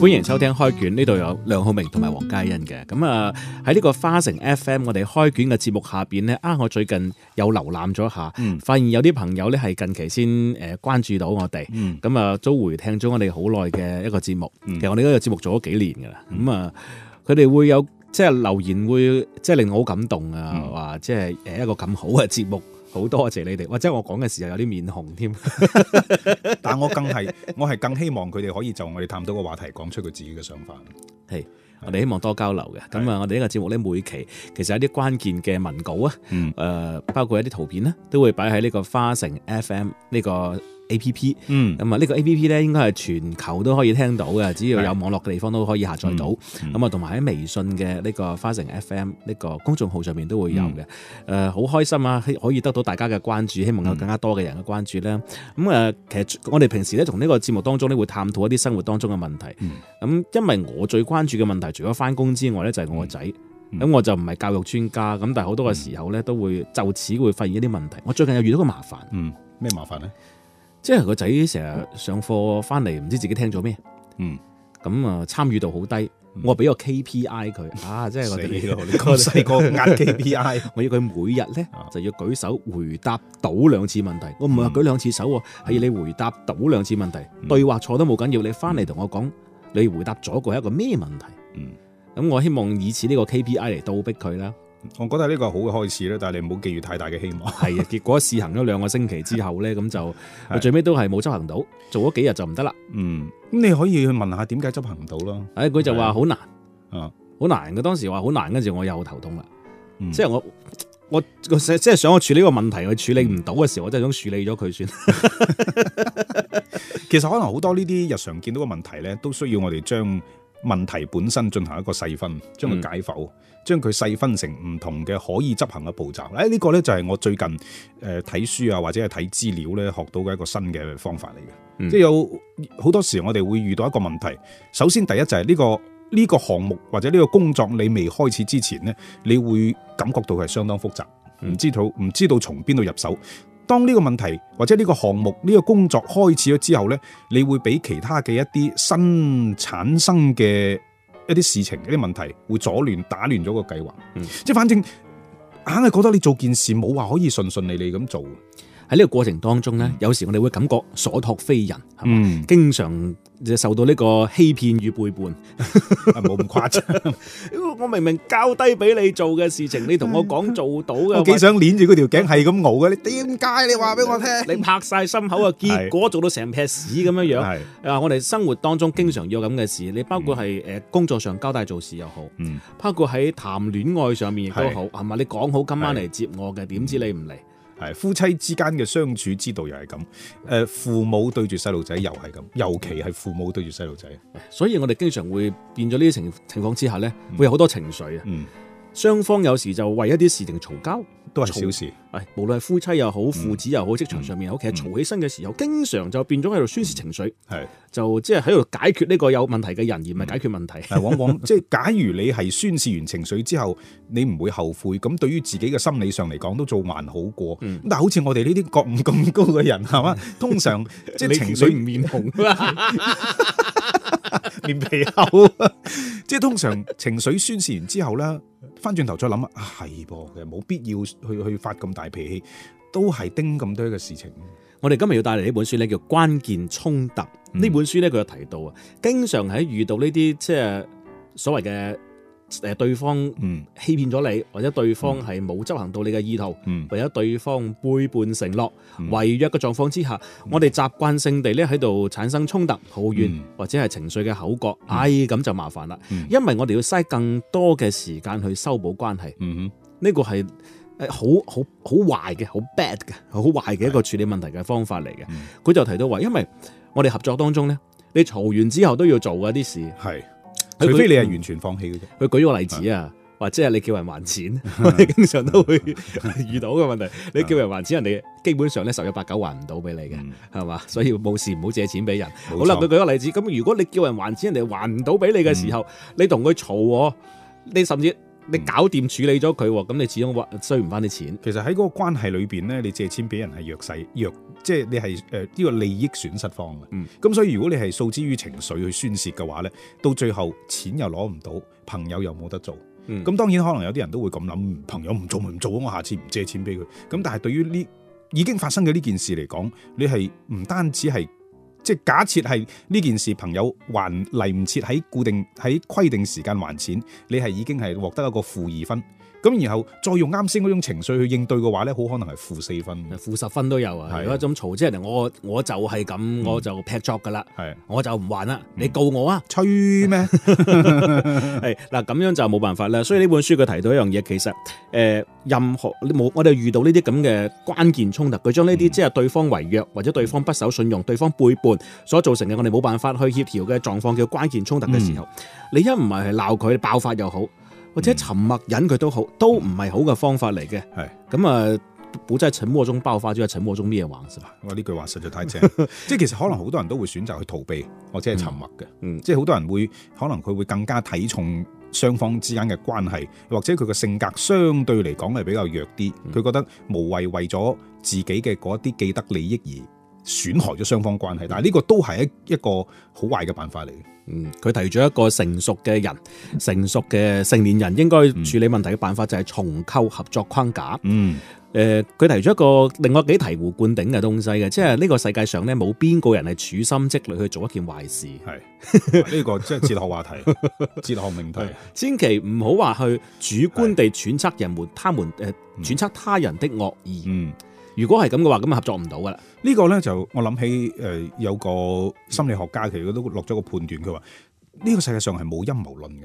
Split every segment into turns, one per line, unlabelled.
歡迎收聽開卷，呢度有梁浩明同埋黃嘉欣嘅。咁啊喺呢個花城 FM，我哋開卷嘅節目下邊呢，啊我最近有瀏覽咗下，發現有啲朋友呢係近期先誒關注到我哋，咁啊都回聽咗我哋好耐嘅一個節目。其實我哋呢個節目做咗幾年噶啦，咁啊佢哋會有即係留言，會即係令我好感動啊，話即係誒一個咁好嘅節目。好多謝你哋，或者我講嘅時候有啲面紅添， 但我更係我係更希望佢哋可以就我哋探討嘅話題，講出佢自己嘅想法。係，我哋希望多交流嘅。咁啊是，我哋呢個節目咧，每期其實有啲關鍵嘅文稿啊，誒、嗯呃，包括一啲圖片啦，都會擺喺呢個花城 FM 呢、這個。A.P.P. 嗯，咁啊，呢個 A.P.P. 咧，應該係全球都可以聽到嘅，只要有網絡嘅地方都可以下載到。咁啊、嗯，同埋喺微信嘅呢個花城 F.M. 呢個公眾號上面都會有嘅。誒、嗯，好、呃、開心啊，可以得到大家嘅關注，希望有更加多嘅人嘅關注啦。咁啊、嗯嗯，其實我哋平時咧，同呢個節目當中咧，會探討一啲生活當中嘅問題。咁、嗯嗯、因為我最關注嘅問題，除咗翻工之外咧，就係我個仔。咁、嗯嗯、我就唔係教育專家，咁但係好多嘅時候咧，嗯、都會就此會發現一啲問題。我最近又遇到個麻煩、嗯，嗯，咩麻煩咧？即係個仔成日上課翻嚟唔知自己聽咗咩，咁啊、嗯、參與度好低。嗯、我俾個 KPI 佢啊，即係我哋細個壓 KPI。 我要佢每日咧就要舉手回答倒兩次問題。嗯、我唔係話舉兩次手，係要你回答倒兩次問題。嗯、對話錯都冇緊要，你翻嚟同我講、嗯、你回答咗個一個咩問題。咁、嗯、我希望以此呢個 KPI 嚟倒逼佢啦。我覺得呢個係好嘅開始咧，但係你唔好寄予太大嘅希望。係啊，結果試行咗兩個星期之後咧，咁 就最尾都係冇執行到，做咗幾日就唔得啦。
嗯，
咁你可以去問下點解執行唔到咯。唉，佢就話好難，啊的，好難嘅。當時話好難，跟住我又頭痛啦，嗯。即係我我即係想我處理個問題，我處理唔到嘅時候，我真係想處理咗佢算。 其實可能好多呢啲日常見到嘅問題
咧，都需要我哋將問題本身進行一個細分，將佢解剖，嗯、將佢細分成唔同嘅可以執行嘅步驟。誒、哎，呢、呢個呢，就係我最近誒睇、呃、書啊，或者係睇資料呢，學到嘅一個新嘅方法嚟嘅。嗯、即係有好多時我哋會遇到一個問題。首先第一就係呢、呢個呢、呢個項目或者呢個工作你未開始之前呢，你會感覺到係相當複雜，唔知道唔知道從邊度入手。當呢個問題或者呢個項目呢、這個工作開始咗之後呢你會俾其他嘅一啲新產生嘅一啲事情一啲問題，會阻亂打亂咗個計劃，
即、嗯、反正硬係覺得你做件事冇話可以順順利利咁做，喺呢個過程當中呢、嗯、有時我哋會感覺所託非人，嗯，經常。就受到呢個欺騙與背叛，冇咁誇張。我明明交低俾你做嘅事情，你同我講做到嘅，我幾想
捏住嗰條頸係咁嘔嘅？你
點解你話俾我聽？你拍晒心口啊！結果做到成撇屎咁樣樣。啊，我哋生活當中經常有咁嘅事。你包括係誒工作上交帶做事又好，包括喺談戀愛上面亦都好，係咪？你講好今晚嚟接我嘅，點知你唔嚟？係夫妻之間嘅
相處之道又係咁，誒父母對住細路仔又係咁，尤其係父母對住細路
仔，所以我哋經常會變咗呢啲情情況之下呢，會有好多情緒啊。嗯嗯。雙方有時就為一啲事情嘈交，都係小事。誒，無論係夫妻又好，父子又好，職場上面又好，其實嘈起身嘅時候，經常就變咗喺度宣泄情緒，係就即係喺度解決呢個有問題嘅人，而唔係解決問題。往往即係假如你係宣泄完情緒之後，
你唔會後悔，咁對於自己嘅心理上嚟講都做還好過。但係好似我哋呢啲覺悟咁高嘅人，係嘛？通常即係情緒唔面紅。皮厚， 即係通常情緒宣洩完之後咧，返轉頭再諗啊，係噃嘅，冇必要去去發咁大脾氣，都係叮咁多嘅
事情。我哋今日要帶嚟呢本書咧，叫《關鍵衝突》呢、嗯、本書咧，佢有提到啊，經常喺遇到呢啲即係所謂嘅。誒，對方欺騙咗你，或者對方係冇執行到你嘅意圖，或者對方背叛承諾、違約嘅狀況之下，我哋習慣性地咧喺度產生衝突、抱怨或者係情緒嘅口角，哎，咁就麻煩啦。因為我哋要嘥更多嘅時間去修補關係，呢個係誒好好好壞嘅，好 bad 嘅，好壞嘅一個處理問題嘅方法嚟嘅。佢的就提到話，因為我哋合作當中咧，你嘈完之後都要做嘅啲事係。除非你係完全放棄嘅啫，佢、嗯、舉個例子啊，或者係你叫人還錢，我哋 經常都會 遇到嘅問題。你叫人還錢，人哋基本上咧十有八九還唔到俾你嘅，係嘛，嗯？所以冇事唔好借錢俾人。錯好啦，佢舉個例子，咁如果你叫人還錢，人哋還唔到俾你嘅時候，嗯、你同佢嘈，你甚至。你搞掂處理咗佢喎，咁、嗯、你始終話收唔翻啲錢。其實喺嗰個關係裏邊咧，你借錢俾人係弱勢，
弱即係、就是、你係誒呢個利益損失方嘅。咁、嗯、所以如果你係訴之於情緒去宣泄嘅話咧，到最後錢又攞唔到，朋友又冇得做。咁、嗯、當然可能有啲人都會咁諗，朋友唔做咪唔做咯，我下次唔借錢俾佢。咁但係對於呢已經發生嘅呢件事嚟講，你係唔單止係。即係假設係呢件事，朋友還嚟唔切，喺固定喺規定時間還錢，你係已經係獲得一個負二分。咁然後再用啱先嗰種情緒去應對嘅話咧，好可能係負四分，負十分都有啊。
有一陣嘈即係，我我就係咁，我就劈咗噶啦，嗯、我就唔的還啦。嗯、你告我啊，吹咩催嗎？係 嗱， 咁樣就冇辦法啦。所以呢本書佢提到一樣嘢，其實誒、呃，任何你冇，我哋遇到呢啲咁嘅關鍵衝突，佢將呢啲即係對方違約或者對方不守信用、對方背叛所造成嘅，我哋冇辦法去協調嘅狀況叫關鍵衝突嘅時候，嗯、你一唔係係鬧佢爆發又好。或者沉默忍佢都好，嗯、都唔係好嘅方法嚟嘅。係咁啊，真仔沉默中爆發，仲有沉默中咩嘢玩，是嘛？我呢句話實在太正， 即係其實可能好多人都會選擇去逃避或者係沉默嘅、嗯。
嗯，即係好多人會，可能佢會更加睇重雙方之間嘅關係，或者佢嘅性格相對嚟講係比較弱啲，佢、嗯、覺得無謂為咗自己嘅嗰啲既得利益而。損害咗雙方關係，但係呢個都係一一個好壞嘅辦法嚟嘅。嗯，
佢提咗一個成熟嘅人、成熟嘅成年人應該處理問題嘅辦法就係重構合作框架。嗯，誒、呃，佢提咗一個另外幾醍醐灌頂嘅東西嘅，即係呢個世界上咧冇邊個人係處心積慮去做一件壞事。係呢、啊這個即係哲學話題、 哲學命題，千祈唔好話去主觀地揣測人們、是他們誒揣測他人的惡意。嗯。如果係咁嘅話，咁啊合作
唔到噶啦。個呢個咧就我諗起誒、呃，有個心理學家其實都落咗個判斷，佢話呢個世界上係冇陰謀論嘅，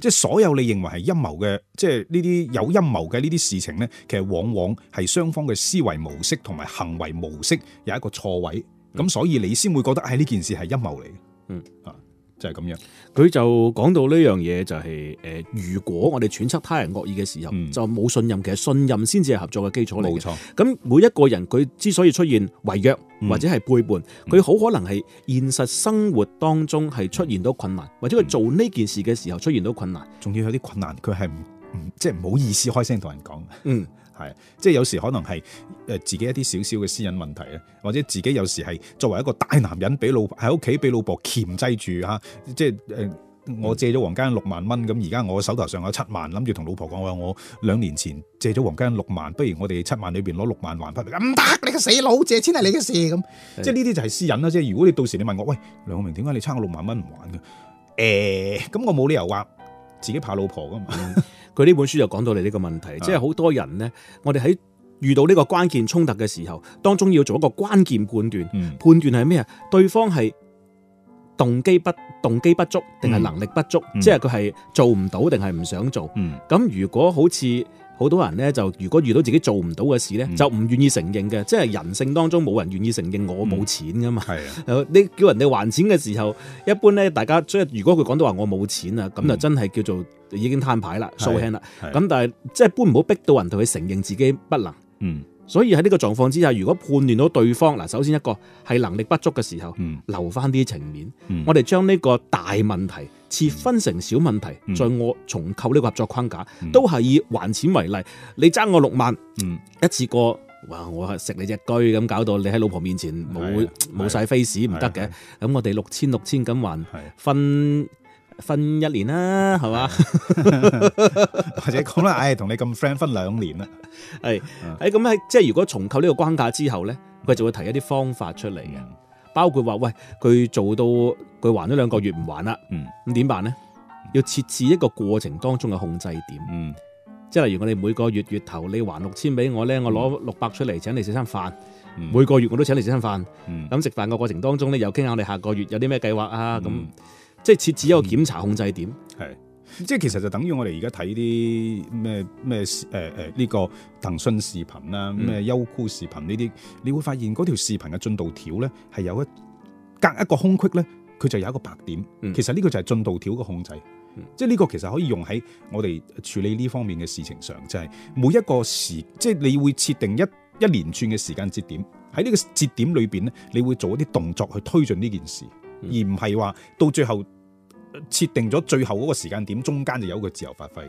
即係、嗯、所有你認為係陰謀嘅，即係呢啲有陰謀嘅呢啲事情咧,其實往往係雙方嘅思維模式同埋行為模式有一個錯位，咁、嗯、所以你先會覺得誒呢、哎、件事係陰謀嚟嘅。嗯
啊。就係咁樣，佢就講到呢樣嘢就係、是、誒、呃，如果我哋揣測他人惡意嘅時候，嗯、就冇信任，其實信任先至係合作嘅基礎嚟。冇錯，咁每一個人佢之所以出現違約、嗯、或者係背叛，佢好可能係現實生活當中係出現到困難，或者佢做呢件事嘅時候出現到困難，仲、嗯、要有啲困難，佢係唔唔即係唔
好意思開聲同人講。嗯。係，即係有時可能係誒自己一啲少少嘅私隱問題啊，或者自己有時係作為一個大男人，俾老喺屋企俾老婆鉗制住嚇、啊，即係誒、呃、我借咗黃家六萬蚊咁，而家我手頭上有七萬，諗住同老婆講話我兩年前借咗黃家六萬，不如我哋七萬裏邊攞六萬還翻，唔得你個死佬，借錢係你嘅事咁是的，即係呢啲就係私隱啦。即係如果你到時你問我，喂梁浩明，點解你差我六萬蚊唔還
嘅？誒、欸，咁我冇理由話自己怕老婆噶嘛。 佢呢本書就講到你呢個問題，即係好多人呢，我哋喺遇到呢個關鍵衝突嘅時候，當中要做一個關鍵判斷，嗯、判斷係咩啊？對方係動機不動機不足，定係能力不足？即係佢係做唔到，定係唔想做？咁、嗯、如果好似好多人咧就如果遇到自己做唔到嘅事咧，嗯、就唔願意承認嘅，即係人性當中冇人願意承認我冇錢噶嘛。係啊、嗯， 你叫人哋還錢嘅時候，一般咧大家即係如果佢講到話我冇錢啊，咁、嗯、就真係叫做已經攤牌啦、掃興啦。咁、嗯、但係即係一般唔好逼到人同佢承認自己不能。嗯，所以喺呢個狀況之下，如果判斷到對方嗱，首先一個係能力不足嘅時候，嗯、留翻啲情面。嗯、我哋將呢個大問題。切分成小問題，再我重構呢個合作框架，都係以還錢為例。你爭我六萬，一次過哇！我係食你隻居咁，搞到你喺老婆面前冇冇晒 face 唔得嘅。咁我哋六千六千咁還，分分一年啦，係嘛？或者講啦，唉，同你咁 friend，分兩年啦。係，喺咁喺即係如果重構呢個框架之後咧，佢就會提一啲方法出嚟嘅。包括話喂，佢做到佢還咗兩個月唔還啦，咁點辦咧？要設置一個過程當中嘅控制點，嗯、即係例如我哋每個月月頭你還六千俾我咧，嗯、我攞六百出嚟請你食餐飯，嗯、每個月我都請你食餐飯，咁食飯嘅過程當中咧，又傾下我哋下個月有啲咩計劃啊，咁、嗯、即係設置一個檢查控制點。嗯、係
即係其實就等於我哋而家睇啲咩咩誒誒呢個騰訊視頻啦，咩優酷視頻呢啲，你會發現嗰條視頻嘅進度條咧係有一隔一個空隙咧，佢就有一個白點。其實呢個就係進度條嘅控制。即係呢個其實可以用喺我哋處理呢方面嘅事情上，就係每一個時，即係你會設定一一連串嘅時間節點。喺呢個節點裏邊咧，你會做一啲動作去推進呢件事，而唔係話到最後。
設定咗最後嗰個時間點，中間就有個自由發揮。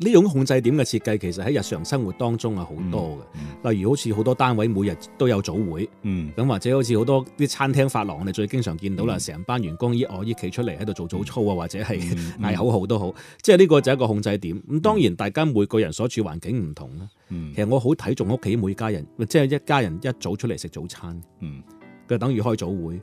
呢種控制點嘅設計，其實喺日常生活當中係好多嘅。嗯、例如好似好多單位每日都有早會，咁、嗯、或者好似好多啲餐廳發廊，你最經常見到啦，成、嗯、班員工依我依企出嚟喺度做早操啊，嗯、或者係嗌口號都好。嗯、即係呢個就係一個控制點。咁、嗯、當然，大家每個人所處環境唔同啦。嗯、其實我好睇重屋企每家人，即、就、係、是、一家人一早出嚟食早餐。嗯佢就等於開早會，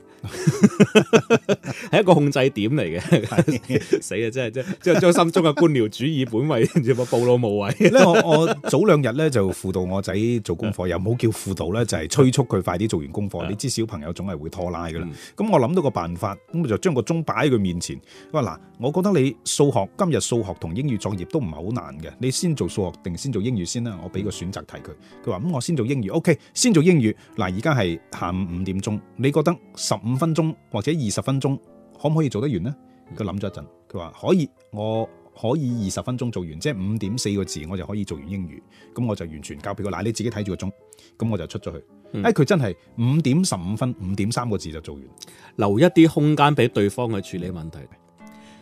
係 一個控制點嚟嘅。死 啊的！真係真即係將心中嘅官僚主義本位，唔知暴露無遺。咧， 我我早
兩日咧就輔導我仔做功課， 又唔好叫輔導咧，就係、是、催促佢快啲做完功課。 你知小朋友總係會拖拉嘅啦。咁 我諗到個辦法，咁就將個鐘擺喺佢面前。喂，嗱，我覺得你數學今日數學同英語作業都唔係好難嘅，你先做數學定先做英語先啦。我俾個選擇題佢。佢話咁，我先做英語。O、okay, K，先做英語。嗱，而家係下午五點鐘。你覺得十五分鐘或者二十分鐘可唔可以做得完呢？佢諗咗一陣，佢話可以，我可以二十分鐘做完，即係五點四個字，我就可以做完英語。咁我就完全交俾佢，嗱，你自己睇住個鐘，咁我就出咗去。誒、嗯哎，佢真係
五點十五分，五點三個字就做完。留一啲空間俾對方去處理問題。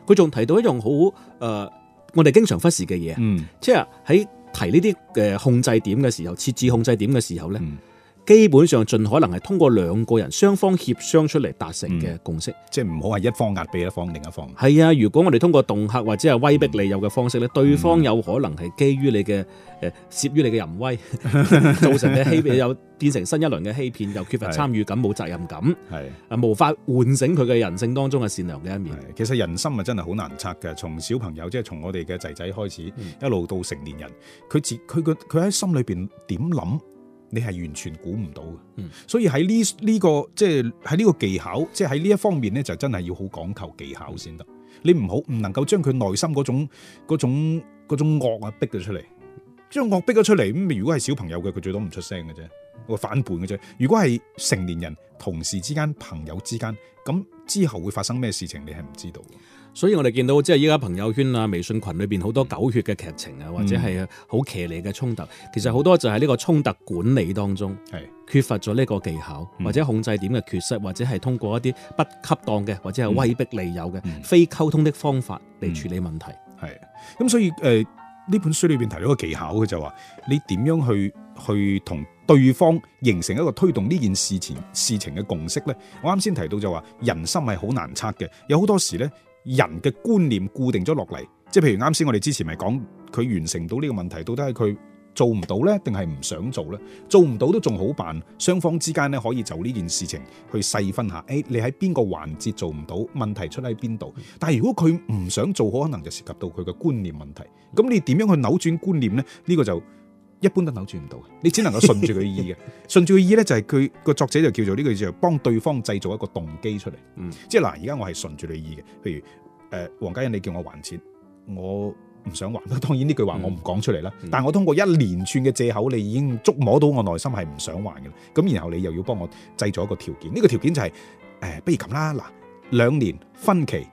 佢仲提到一樣好誒、呃，我哋經常忽視嘅嘢，嗯，即係喺提呢啲嘅控制點嘅時候，設置控制點嘅時候呢。嗯基本上盡可能係通過兩個人雙方協商出嚟達成嘅共識，嗯、即係唔好係一方壓迫一方，另一方係啊！如果我哋通過恫嚇或者係威逼利誘嘅方式咧，嗯、對方有可能係基於你嘅誒、攝、呃、於你嘅淫威，造 成嘅欺騙又變成新一輪嘅欺騙，又缺乏參與感、冇是責任感，係啊是，無法喚醒佢嘅人性當中嘅善良嘅一面。
其實人心啊，真係好難測嘅。從小朋友即係從我哋嘅仔仔開始，一路、嗯、到成年人，佢自佢個佢喺心裏邊點諗？你係完全估唔到嘅，嗯，所以喺呢呢個即係喺呢個技巧，即係喺呢一方面咧，就真係要好講求技巧先得。你唔好唔能夠將佢內心嗰種嗰種，嗰種，嗰種惡啊逼咗出嚟，將惡逼咗出嚟咁。如果係小朋友嘅，佢最多唔出聲嘅啫，會反叛嘅啫。如果係成年人、同事之間、朋友之間咁。之後會發生咩事情？你係唔知
道。所以我哋見到即係依家朋友圈啊、微信群裏邊好多狗血嘅劇情啊，嗯、或者係好騎呢嘅衝突，其實好多就係呢個衝突管理當中是缺乏咗呢個技巧，嗯、或者控制點嘅缺失，或者係通過一啲不恰當嘅或者係威逼利誘嘅、嗯、非溝通的方法嚟處理問題。係咁、嗯，所以誒呢、呃、本書裏邊提
到個技巧嘅就話，你點樣去去同？對方形成一個推動呢件事情事情嘅共識呢，我啱先提到就話人心係好難測嘅，有好多時呢人嘅觀念固定咗落嚟，即係譬如啱先我哋之前咪講佢完成到呢個問題，到底係佢做唔到呢？定係唔想做呢？做唔到都仲好辦，雙方之間呢，可以就呢件事情去細分下，誒、哎、你喺邊個環節做唔到，問題出喺邊度？但係如果佢唔想做，可能就涉及到佢嘅觀念問題。咁你點樣去扭轉觀念呢？呢、這個就。一般都扭轉唔到，你只能夠順住佢意嘅。順住佢意咧，就係佢個作者就叫做呢句字，幫對方製造一個動機出嚟。嗯，即係嗱，而、呃、家我係順住你意嘅。譬如誒，黃家欣，你叫我還錢，我唔想還。當然呢句話我唔講出嚟啦。嗯、但係我通過一連串嘅借口，你已經捉摸到我內心係唔想還嘅。咁然後你又要幫我製造一個條件，呢、這個條件就係、是、誒、呃，不如咁啦，嗱，兩年分期，誒、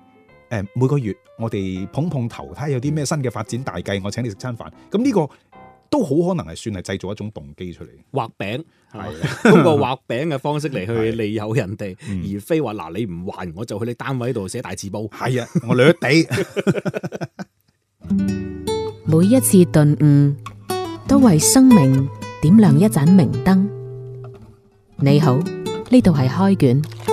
呃，每個月我哋碰碰頭睇有啲咩新嘅發展大計，我請你食餐飯。咁呢、這
個。都好可能係算係製造一種動機出嚟，畫餅，係通過畫餅嘅方式嚟，去利誘人哋，而非話嗱，你唔還我就去你單位度寫大字報。係啊，我掠地。每一次頓悟都為生命點亮一盞明燈。你好，呢度係開卷。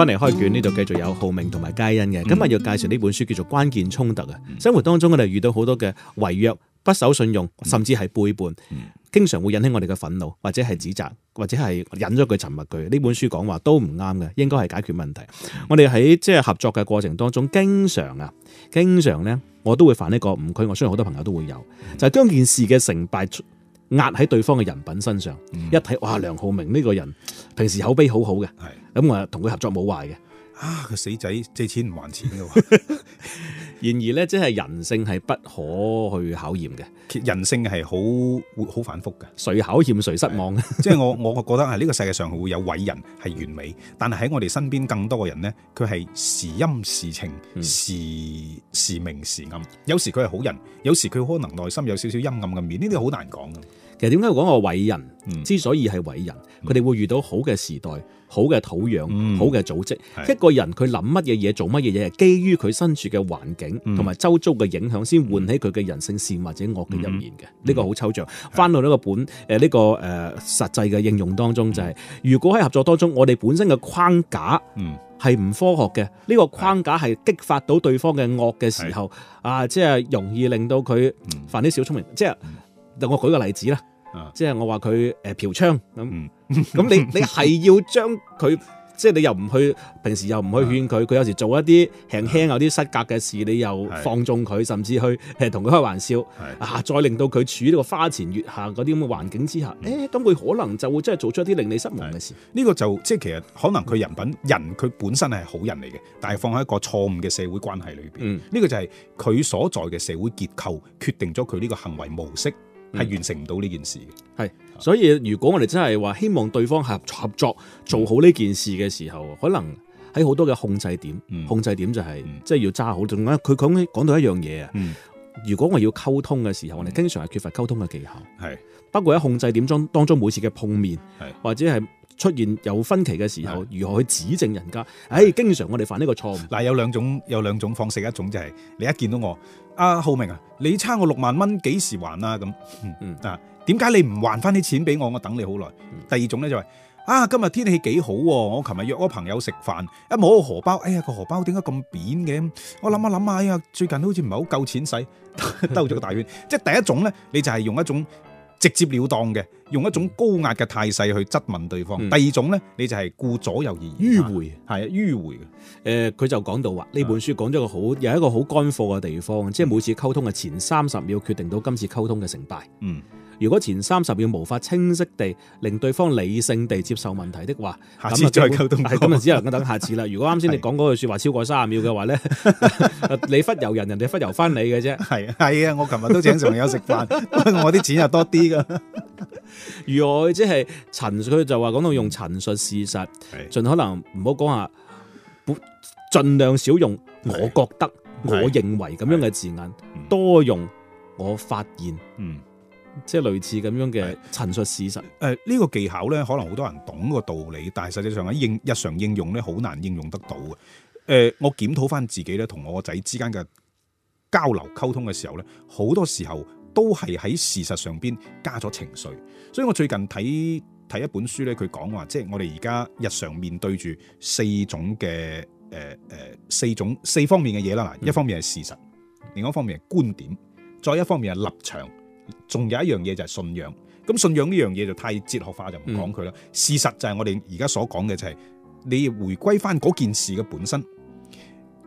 翻嚟開卷呢度，繼續有浩明同埋佳恩嘅。今日要介紹呢本書叫做《關鍵衝突》啊。生活當中我哋遇到好多嘅違約、不守信用，甚至係背叛，經常會引起我哋嘅憤怒，或者係指責，或者係忍咗佢，沉默佢。呢本書講話都唔啱嘅，應該係解決問題。我哋喺即係合作嘅過程當中，經常啊，經常呢，我都會犯呢個誤區。我相信好多朋友都會有，就係、是、將件事嘅成敗。壓喺對方嘅人品身上，嗯、一睇哇，梁浩明呢個人平時口碑好好嘅，咁的我同佢合作冇壞嘅。啊！個死仔借錢唔還錢嘅，然而呢，即係人性係不可去考驗嘅，
人性係好活好反覆嘅。誰考驗誰失望？即係、就是、我我覺得係呢個世界上會有偉人係完美，嗯、但係喺我哋身邊更多嘅人呢，佢係時陰時晴，時時明時暗。有時佢係好人，有時佢可能內心
有少少陰暗嘅面，呢啲好難講㗎。其實點解講個偉人之所以係偉人，佢哋會遇到好嘅時代、好嘅土壤、好嘅組織。一個人佢諗乜嘢嘢、做乜嘢嘢，係基於佢身處嘅環境同埋周遭嘅影響，先喚起佢嘅人性善或者惡嘅一面嘅。呢個好抽象。翻到呢個本誒呢個誒實際嘅應用當中，就係如果喺合作當中，我哋本身嘅框架係唔科學嘅，呢個框架係激發到對方嘅惡嘅時候，啊，即係容易令到佢犯啲小聰明，即係。就我舉個例子啦，即係我話佢誒嫖娼咁咁，你你係要將佢即係你又唔去平時又唔去勸佢，佢、嗯、有時做一啲輕輕有啲失格嘅事，嗯、你又放縱佢，是甚至去同佢開玩笑，是啊，再令到佢處於呢個花前月下嗰啲咁嘅環境之下，誒、嗯，咁佢可能就會真係做出一啲令你失
望嘅事。呢、這個就即係其實可能佢人品人佢本身係好人嚟嘅，但係放喺一個錯誤嘅社會關係裏邊，呢、嗯、個就係佢所在嘅社會結構決定咗佢呢個行
為模式。係完成唔到呢件事嘅。係所以如果我哋真係話希望對方合合作做好呢件事嘅時候，嗯、可能喺好多嘅控制點，控制點就係即係要揸好。佢講、嗯，講到一樣嘢啊，嗯、如果我要溝通嘅時候，嗯、我哋經常係缺乏溝通嘅技巧。係不過喺控制點中當中每次嘅碰面，是或者係出現有分歧嘅時候，是如何去指證人家？唉是，經常我哋犯呢個錯誤。嗱，有兩
種有兩種方式，一種就係你一見到我。阿、啊、浩明啊，你差我六萬蚊，幾時還、嗯、啊？咁嗱，點解你唔還翻啲錢俾我？我等你好耐。第二種咧就係、是，啊今日天氣幾好喎，我琴日約咗朋友食飯，一冇個荷包，哎呀個荷包點解咁扁嘅？我諗下諗下，哎呀最近好似唔係好夠錢使，兜 咗個大圈。 即係第一種咧，你就係用一種直接了當嘅，用一種高壓嘅態勢去質問對方。嗯、第二
種呢，你就係顧左右而言，迂迴，係迂迴佢、呃、就講到話，呢本書講咗一個好，有一個好乾貨嘅地方，嗯、即係每次溝通嘅前三十秒，決定到今次溝通嘅成敗。嗯。如果前三十秒無法清晰地令對方理性地接受問題的話，下次再溝通。咁啊，只能夠等下次啦。如果啱先你講嗰句説話超過三十秒嘅話咧， 的 你忽悠人，人哋忽悠翻你嘅啫。係啊，啊，我琴日都請朋友食飯，
我啲錢又多啲噶。
如果即係陳，述，就話講到用陳述事實，的盡可能唔好講下，盡量少用我覺得、的我認為咁樣嘅字眼，多用我發現。嗯。即係類似咁樣嘅陳述事實誒，呢、嗯呃，這個技巧咧，可能好多人
懂個道理，但係實際上喺應日常應用咧，好難應用得到嘅。誒、呃，我檢討翻自己咧，同我個仔之間嘅交流溝通嘅時候咧，好多時候都係喺事實上邊加咗情緒，所以我最近睇睇一本書咧，佢講話即係我哋而家日常面對住四種嘅誒誒四種四方面嘅嘢啦，嗱、嗯，一方面係事實，另外一方面係觀點，再一方面係立場。仲有一樣嘢就係信仰，咁信仰呢樣嘢就太哲學化就唔講佢啦。嗯、事實就係我哋而家所講嘅就係、是，你回歸翻嗰件事嘅本身，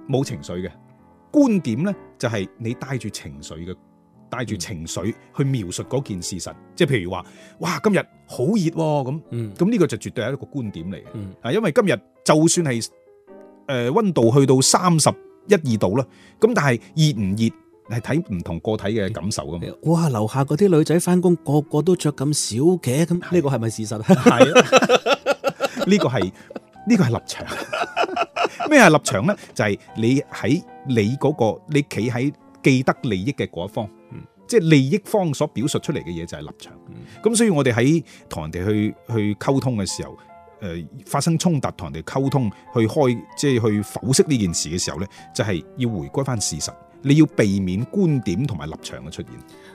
冇情緒嘅觀點咧，就係、是、你帶住情緒嘅，帶住情緒去描述嗰件事實，即係、嗯、譬如話，哇，今日好熱咁，咁呢、嗯、個就絕對係一個觀點嚟嘅，啊，嗯、因為今日就算係誒溫度去到三十一二度啦，咁但係熱唔熱？係睇唔同個體嘅感受咁樣。哇，
樓下嗰啲女仔翻工個個都着咁少嘅，咁呢個係咪事實啊？係的，呢 個係呢、這個係立場咩？係 立場咧，就係、是、
你喺你嗰、那個你企喺既得利益嘅嗰方，即係、嗯、利益方所表述出嚟嘅嘢就係立場。咁、嗯、所以我，我哋喺同人哋去去溝通嘅時候，誒、呃，發生衝突同人哋溝通去開，即、就、係、是、去剖析呢件事嘅時候咧，
就係、是、要回歸翻事實。你要避免觀點同埋立場嘅出現。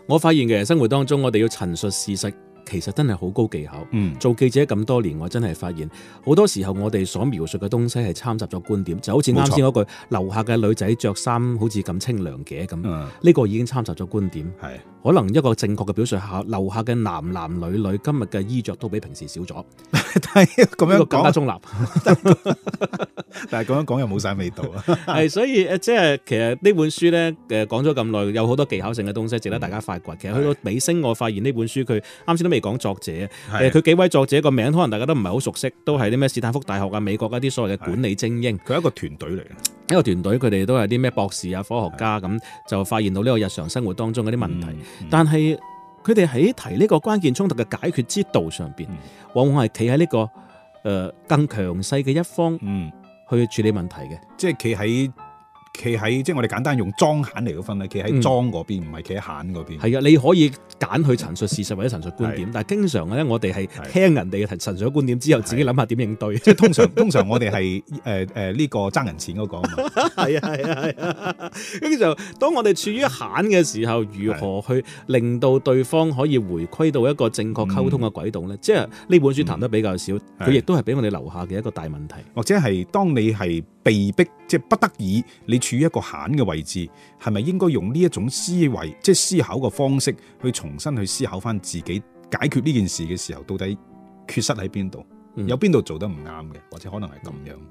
我發現嘅生活當中，我哋要陳述事實。其實真係好高技巧。嗯，做記者咁多年，我真係發現好多時候我哋所描述嘅東西係摻雜咗觀點，就好似啱先嗰句，樓下嘅女仔着衫好似咁清涼嘅咁。呢個已經摻雜咗觀點。係、嗯，可能一個正確嘅表述下，樓下嘅男男女女今日嘅衣着都比平時少咗。但咁樣講更加中立， 但係咁樣講又冇晒味道啊。係， 所以即係其實呢本書呢，誒講咗咁耐，有好多技巧性嘅東西值得大家發掘。嗯、其實去到尾聲，我發現呢本書佢啱先都未。講作者，誒的，佢幾位作者個名可能大家都唔係好熟悉，都係啲咩斯坦福大學啊，美國一、啊、啲所謂嘅管理精英，佢係一個團隊嚟嘅，一個團隊，佢哋都係啲咩博士啊、科學家咁，的就發現到呢個日常生活當中嗰啲問題，嗯嗯、但係佢哋喺提呢個關鍵衝突嘅解決之道上邊，嗯、往往係企喺呢個誒、呃、更強勢嘅一方，嗯，去處理問題嘅、嗯，即係企喺。企喺，即係我哋簡單用莊閒嚟個分類，企喺莊嗰邊，唔係企喺閒嗰邊。係啊，你可以揀去陳述事實或者陳述觀點， 的但係經常咧，我哋係聽人哋嘅陳述觀點之後，自己諗下點應對。即係通常，通常我哋係誒誒呢個爭人錢嗰、那個啊
嘛。
係啊係啊，咁就 當我哋處於閒嘅時候，如何去令到對方可以回歸到一個正確溝通嘅軌道咧？嗯、即係呢本書談得比較少，佢亦都係俾我哋留下嘅一個大問題，嗯、或者係當你係被逼即係不得已
你。處於一個險嘅位置，係咪應該用呢一種思維，即係思考嘅方式去重新去思考翻自己解決呢件事嘅時候，到底缺失喺邊度，有邊度做得唔啱嘅，或者可能係咁樣、嗯。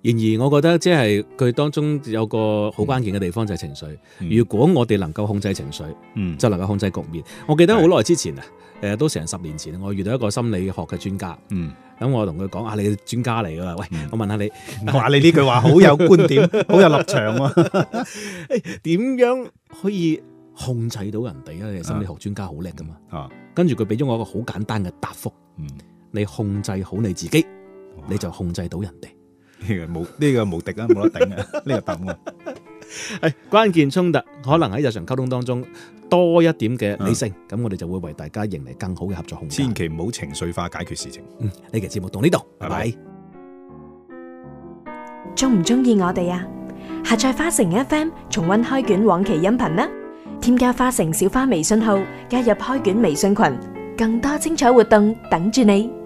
然而，我覺得即係佢當中有個好關鍵嘅地方、嗯、就係情緒。如果我哋能夠控制情緒，嗯，就能夠控制局面。我記得好耐之前啊。誒，都成十年前，我遇到一個心理學嘅專家。嗯，咁我同佢講啊，你專家嚟㗎啦，喂，我問下你，話你呢句話好有觀點，好有立場啊。誒，點樣可以控制到人哋啊？你心理學專家好叻㗎嘛？啊，跟住佢俾咗我一個好簡單嘅答復。嗯，你控制好你自己，你就控制到人哋。呢個無，呢個無敵啊，冇得頂啊，呢個答案。係關鍵衝突，可能喺日常溝通當中多一點嘅理性，
咁我哋就會為大家迎嚟更好嘅合作空間。千祈唔好情緒化解決事情。嗯，呢期節目到呢度，拜拜。中唔中意我哋啊？下載花城 FM 重温開卷往期音頻呢！添加花城小花微信號加入開卷微信群，更多精彩活動等住你。